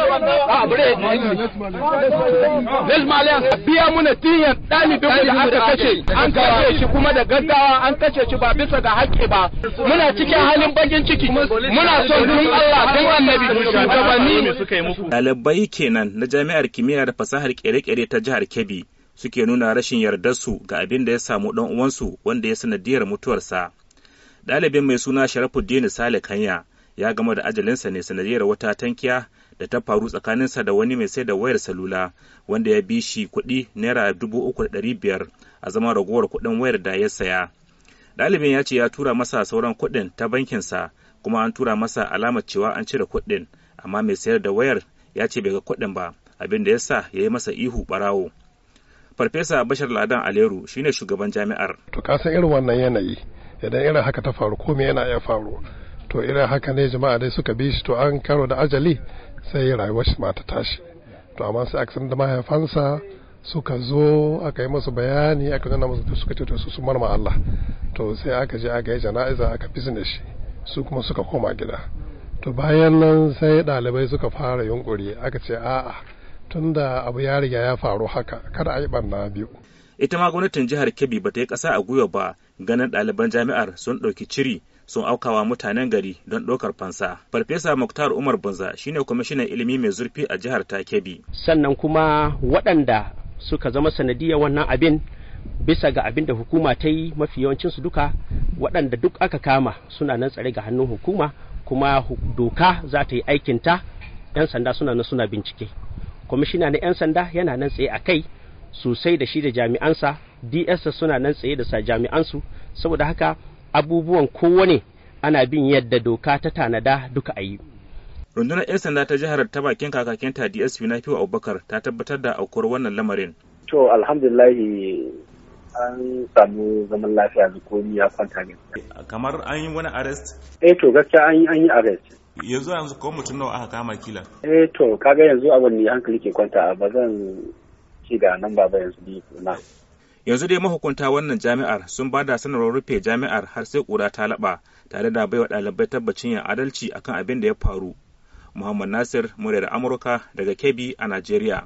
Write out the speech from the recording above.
a bare biya muna diyan ɗalibin da aka kashe an kashe shi kuma da gaggawa an kashe shi ba bisa ga hakki ba muna cikin halin bakin ciki muna son dun Allah dun annabi shugabanni ɗalibai kenan na jami'ar kimiyya da fasahar kere-kere ta jihar Kebbi suke nuna rashin yardarsu ga abin da ya samu ɗan uwansu wanda ya sanadiyar mutuwarsa ɗalibin mai suna Sharafuddin Sale Kanya ya gama da ajalinsa ne sanadiyar wata tankiya da ta faru tsakaninsa da wani mai sai da wayar salula wanda ya bi shi kuɗi naira dubu uku da ɗari biyar a zama ragowar kuɗin wayar da ya saya ɗalibin ya ce ya tura masa sauran kuɗin ta bankinsa kuma an tura masa alamar cewa an cire kuɗin amma mai sayar da wayar ya ce bai ga kuɗin ba abin da ya sa ya yi masa ihu ɓarawo farfesa bashar ladan aleru shine shugaban jami'ar to ka san irin wannan yanayi idan irin haka ta faru komai yana iya faru to irin haka ne jama'a dai suka bi shi to an karo da ajali sai rayuwar shi ma ta tashi to amma sai aka da mahaifansa suka zo aka yi musu bayani aka nuna masu suka ce to su marma Allah to sai aka je aka yi jana'iza aka bizne shi su kuma suka koma gida to bayan nan sai ɗalibai suka fara yunkuri aka ce a'a tunda abu ya riga ya faru haka kada a yi barna biyu ita ma gwamnatin jihar Kebbi bata yi ƙasa a gwiwa ba ganin ɗaliban jami'ar sun ɗauki ciri sun aukawa mutanen gari don ɗaukar fansa. Farfesa Muktar Umar Bunza shine kwamishinan ilimi mai zurfi a jihar takebi Sannan kuma waɗanda suka zama sanadiyar wannan abin bisa ga abin da hukuma ta yi mafi yawancin su duka waɗanda duk aka kama suna nan tsare ga hannun hukuma kuma doka za ta yi ta 'yan sanda suna nan suna bincike. Kwamishina na 'yan sanda yana nan tsaye a kai sosai da shi da jami'ansa ds suna nan tsaye da sa jami'ansu saboda haka abubuwan kowane ana bin yadda doka ta tanada duka a yi. rundunar 'yan sanda ta jihar ta bakin kakakin ta dsp na fiwa abubakar ta tabbatar da aukuwar wannan lamarin to alhamdulillahi an samu zaman lafiya da komi ya kwanta ne kamar an yi wani arrest eh to gaskiya an yi arrest yanzu yanzu ko mutum nawa aka kama kila eh to kaga yanzu abin ne hankali ke kwanta ba zan ci da nan ba yanzu ni na yanzu dai mahukunta wannan jami'ar sun ba da sanarwar rufe jami'ar har sai ƙura ta laɓa tare da baiwa ɗalibai tabbacin yin adalci akan abin da ya faru muhammad nasir muryar amurka daga kebbi a najeriya